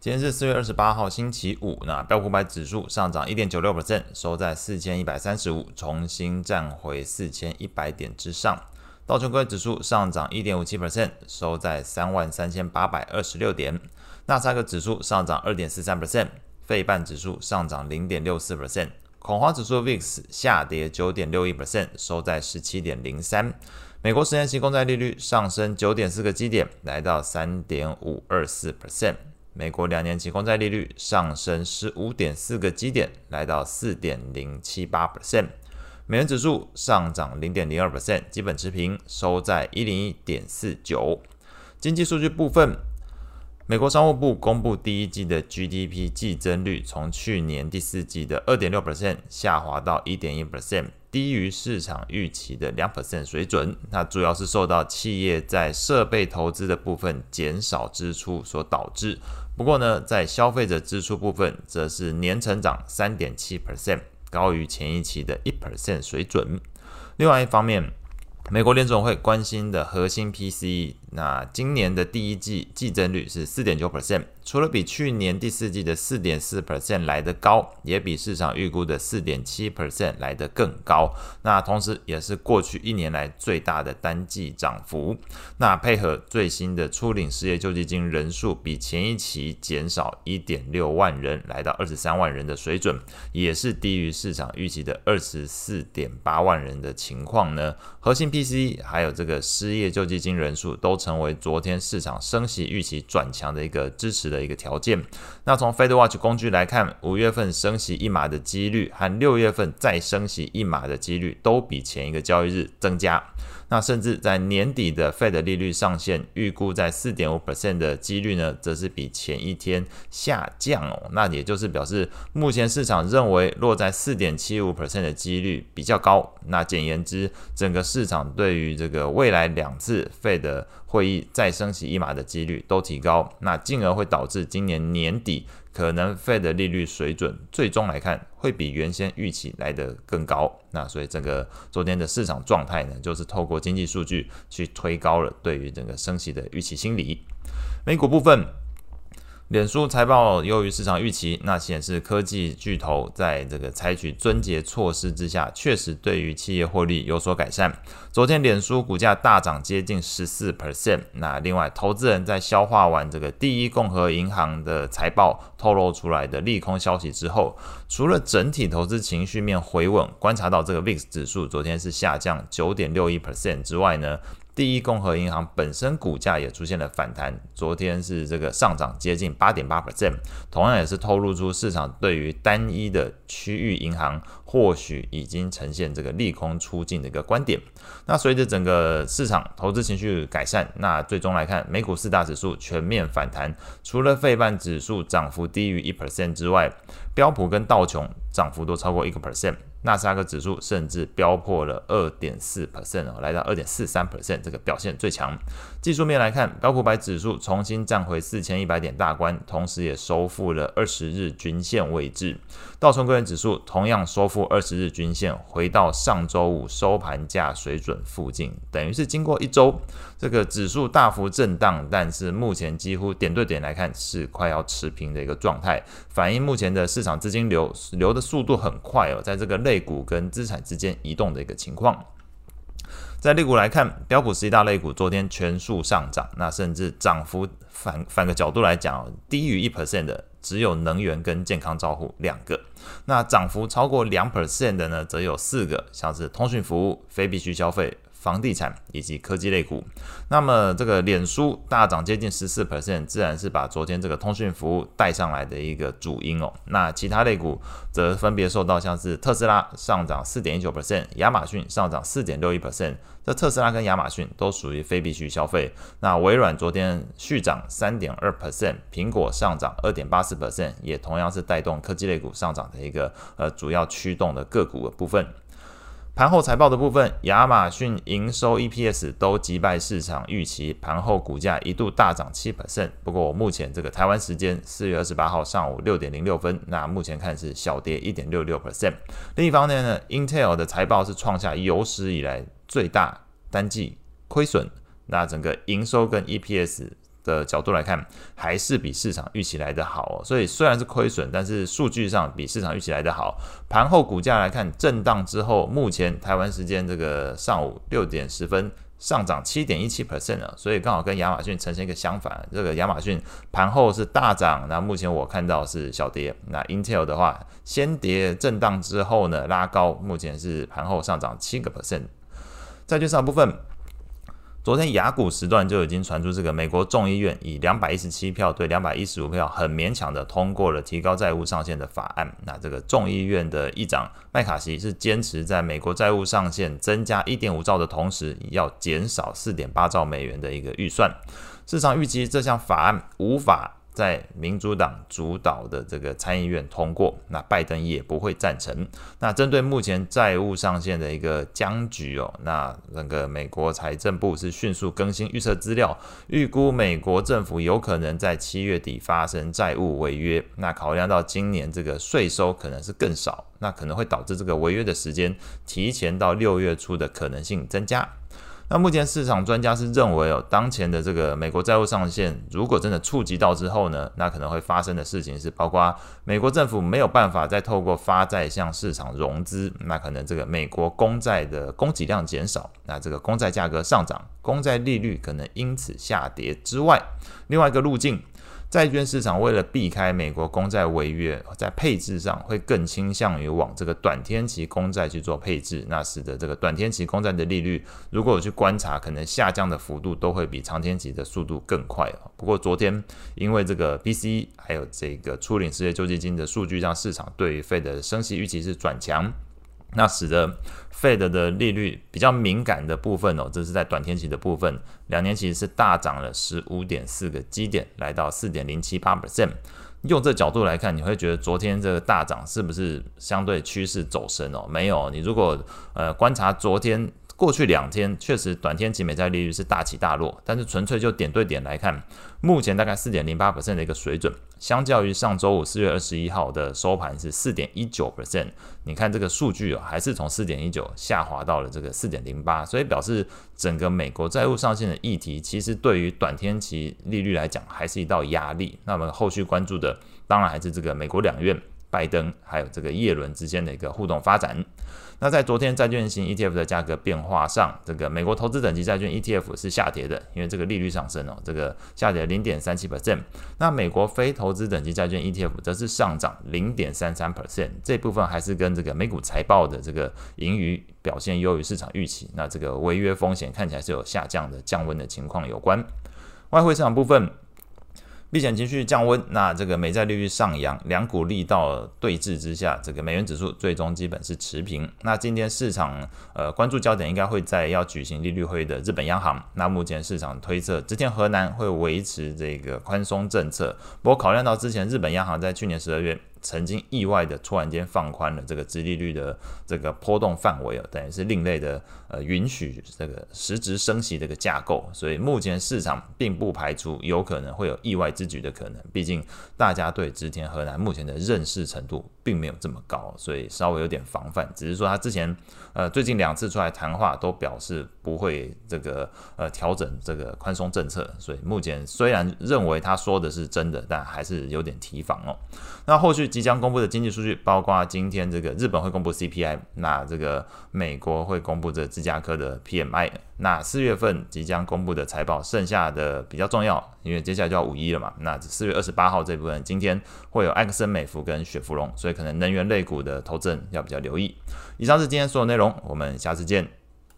今天是四月二十八號，星期五。那標普五百指數上漲一點九六百分，收在四千一百三十五，重新站回四千一百點之上。道瓊工業指數上漲一點五七百分，收在三萬三千八百二十六點。那斯達克指數上漲二點四三百分，費半指數上漲零點六四百分，恐慌指數 VIX 下跌九點六一百分，收在十七點零三。美國十年期公債利率上升九點四個基點，來到三點五二四百分美國兩年期公債利率上升十五點四個基點，來到四點零七八%。美元指數上漲零點零二%，基本持平，收在一零一點四九。經濟數據部分。美國商務部公布第一季的 GDP 季增率，從去年第四季的二點六 percent 下滑到一點一 percent，低於市場預期的兩 percent 水準。它主要是受到企業在設備投資的部分減少支出所導致。不過呢，在消費者支出部分，則是年成長三點七 percent，高於前一期的一 percent 水準。另外一方面，美國聯準會關心的核心 PCE。那今年的第一季季增率是四點九 percent，除了比去年第四季的四點四 percent 來得高，也比市場預估的四點七 percent 來得更高。那同時，也是過去一年來最大的單季漲幅。那配合最新的初領失業救濟金人數比前一期減少一點六萬人，來到二十三萬人的水準，也是低於市場預期的二十四點八萬人的情況呢。核心 PCE 還有這個失業救濟金人數都。成為昨天市場升息預期轉強的一個支持的一個條件。那從 FedWatch 工具來看，五月份升息一碼的幾率和六月份再升息一碼的幾率都比前一個交易日增加。那甚至在年底的 FED 的利率上限預估在四點五 percent 的幾率呢，則是比前一天下降哦。那也就是表示，目前市場認為落在四點七五 percent 的幾率比較高。那簡言之，整個市場對於這個未來兩次 FED 會議再升息一碼的幾率都提高。那進而會導致今年年底。可能 Fed 的利率水準最終來看會比原先預期來得更高，那所以整個昨天的市場狀態呢，就是透過經濟數據去推高了對於整個升息的預期心理。美股部分。臉書財報優於市場預期，那顯示科技巨頭在這個採取樽節措施之下，確實對於企業獲利有所改善。昨天臉書股價大漲接近十四 percent。那另外，投資人在消化完這個第一共和銀行的財報透露出來的利空消息之後，除了整體投資情緒面回穩，觀察到這個 VIX 指數昨天是下降九點六一 percent 之外呢，第一共和銀行本身股價也出現了反彈，昨天是這個上漲接近八點八 percent，同樣也是透露出市場對於單一的區域銀行或許已經呈現這個利空出盡的一個觀點。那隨着整個市場投資情緒改善，那最終來看，美股四大指數全面反彈，除了費半指數漲幅低於一 percent 之外。標普跟道瓊漲幅都超過一個 percent，納斯達克指數甚至飆破了二點四 percent 哦，來到二點四三 percent，這個表現最強。技術面來看，標普五百指數重新站回四千一百點大關，同時也收復了二十日均線位置；道瓊工業指數同樣收復二十日均線，回到上周五收盤價水準附近，等於是經過一周。這個指數大幅震盪，但是目前幾乎點對點來看是快要持平的一個狀態，反映目前的市場資金流流的速度很快哦，在這個類股跟資產之間移動的一個情況。在類股來看，標普十一大類股昨天全數上漲，那甚至漲幅反反個角度來講，低於一 percent 的只有能源跟健康照護兩個，那漲幅超過兩 percent 的呢，則有四個，像是通訊服務、非必需消費。房地產以及科技類股，那麼這個臉書大漲接近十四 percent，自然是把昨天這個通訊服務帶上來的一個主因哦。那其他類股則分別受到像是特斯拉上漲四點一九 percent，亞馬遜上漲四點六一 percent。這特斯拉跟亞馬遜都屬於非必需消費。那微軟昨天續漲三點二 percent，蘋果上漲二點八四 percent，也同樣是帶動科技類股上漲的一個呃主要驅動的個股的部分。盤後財報的部分，亞馬遜營收 EPS 都擊敗市場預期，盤後股價一度大漲七%，不過我目前這個台灣時間四月二十八號上午六點零六分，那目前看是小跌一點六六%。另一方面呢，Intel 的財報是創下有史以來最大單季虧損，那整個營收跟 EPS。的角度來看，還是比市場預期來的好哦，所以雖然是虧損，但是數據上比市場預期來的好。盤後股價來看，震盪之後，目前台灣時間這個上午六點十分上漲七點一七 percent 啊，所以剛好跟亞馬遜呈現一個相反，這個亞馬遜盤後是大漲，那目前我看到是小跌。那 Intel 的話，先跌震盪之後呢，拉高，目前是盤後上漲七個 percent。債券市場部分。昨天亞股時段就已經傳出，這個美國眾議院以兩百一十七票對兩百一十五票，很勉強的通過了提高債務上限的法案。那這個眾議院的議長麥卡錫是堅持在美國債務上限增加一點五兆的同時，要減少四點八兆美元的一個預算。市場預期這項法案無法。在民主黨主導的這個參議院通過，那拜登也不會贊成。那針對目前債務上限的一個僵局哦，那那個美國財政部是迅速更新預測資料，預估美國政府有可能在七月底發生債務違約。那考量到今年這個稅收可能是更少，那可能會導致這個違約的時間提前到六月初的可能性增加。那目前市場專家是認為哦，當前的這個美國債務上限如果真的觸及到之後呢，那可能會發生的事情是包括美國政府沒有辦法再透過發債向市場融資，那可能這個美國公債的供給量減少，那這個公債價格上漲，公債利率可能因此下跌之外，另外一個路徑。債券市場為了避開美國公債違約，在配置上會更傾向於往這個短天期公債去做配置，那使得這個短天期公債的利率，如果我去觀察，可能下降的幅度都會比長天期的速度更快。不過昨天因為這個 PCE 還有這個初領失業救濟金的數據上，讓市場對於 Fed 的升息預期是轉強。那使得 Fed 的利率比較敏感的部分哦，這是在短天期的部分，兩年期是大漲了十五點四個基點，來到四點零七八 percent。用這角度來看，你會覺得昨天這個大漲是不是相對趨勢走深哦？沒有，你如果呃觀察昨天。過去兩天確實，短天期美債利率是大起大落。但是純粹就點對點來看，目前大概四點零八百分的一個水準，相較於上週五四月二十一號的收盤是四點一九百分，你看這個數據啊、哦，還是從四點一九下滑到了這個四點零八，所以表示整個美國債務上限的議題，其實對於短天期利率來講還是一道壓力。那麼後續關注的當然還是這個美國兩院。拜登還有這個耶倫之間的一個互動發展。那在昨天債券型 ETF 的價格變化上，這個美國投資等級債券 ETF 是下跌的，因為這個利率上升哦，這個下跌零點三七 percent。那美國非投資等級債券 ETF 則是上漲零點三三 percent。這部分還是跟這個美股財報的這個盈餘表現優於市場預期，那這個違約風險看起來是有下降的降溫的情況有關。外匯市場部分。避險情緒降溫，那這個美債利率上揚，兩股力道對峙之下，這個美元指數最終基本是持平。那今天市場呃關注焦點應該會在要舉行利率會議的日本央行。那目前市場推測，植田和男會維持這個寬鬆政策，不過考量到之前日本央行在去年十二月。曾經意外的突然間放寬了這個殖利率的這個波動範圍，等於是另類的呃允許這個實質升息這個架構，所以目前市場並不排除有可能會有意外之舉的可能。畢竟大家對植田和男目前的認識程度並沒有這麼高，所以稍微有點防範。只是說他之前呃最近兩次出來談話都表示不會這個呃調整這個寬鬆政策，所以目前雖然認為他說的是真的，但還是有點提防哦。那後續。即將公布的經濟數據，包括今天這個日本會公布 CPI，那這個美國會公布這芝加哥的 PMI，那四月份即將公布的財報，剩下的比較重要，因為接下來就要五一了嘛。那四月二十八號這部分，今天會有埃克森美孚跟雪佛龍，所以可能能源類股的投資人要比較留意。以上是今天所有內容，我們下次見。